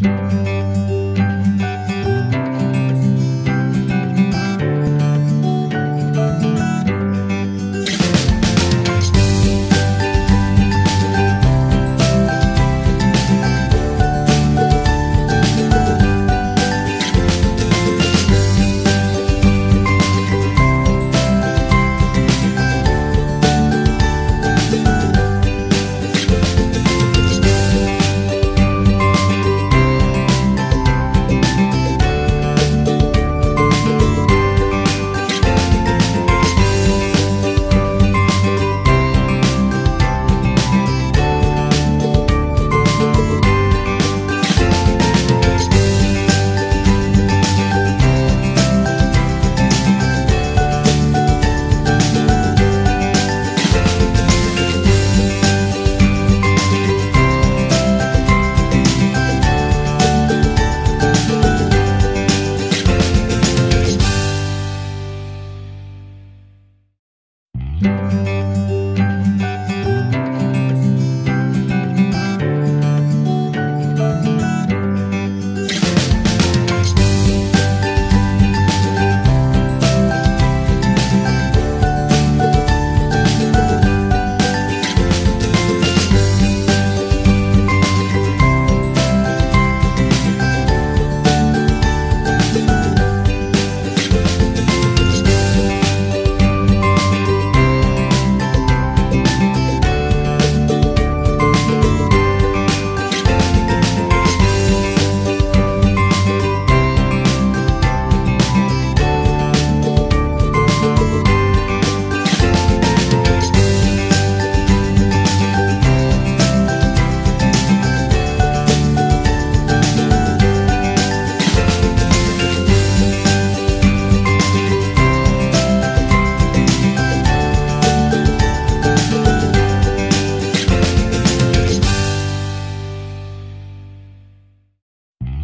you.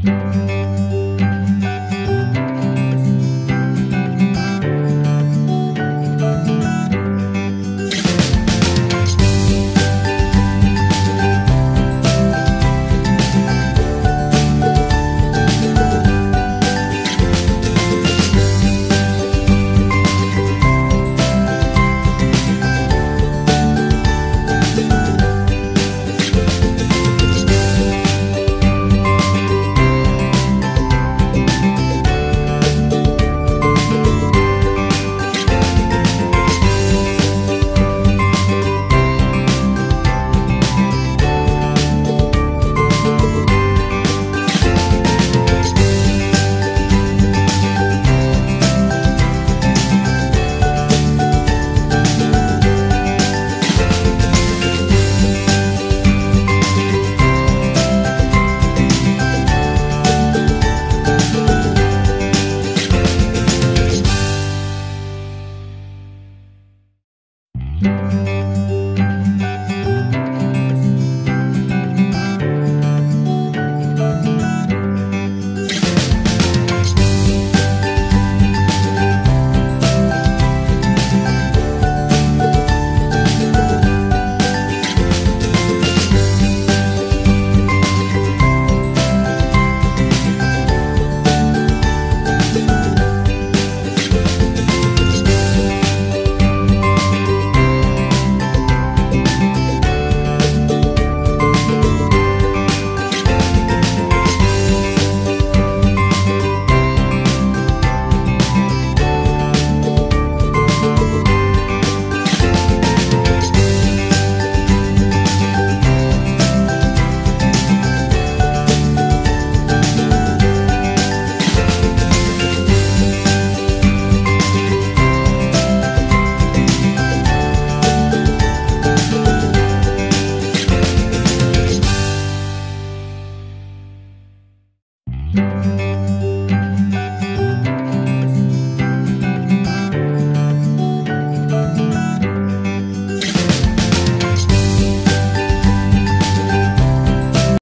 Thank mm-hmm. you. thank you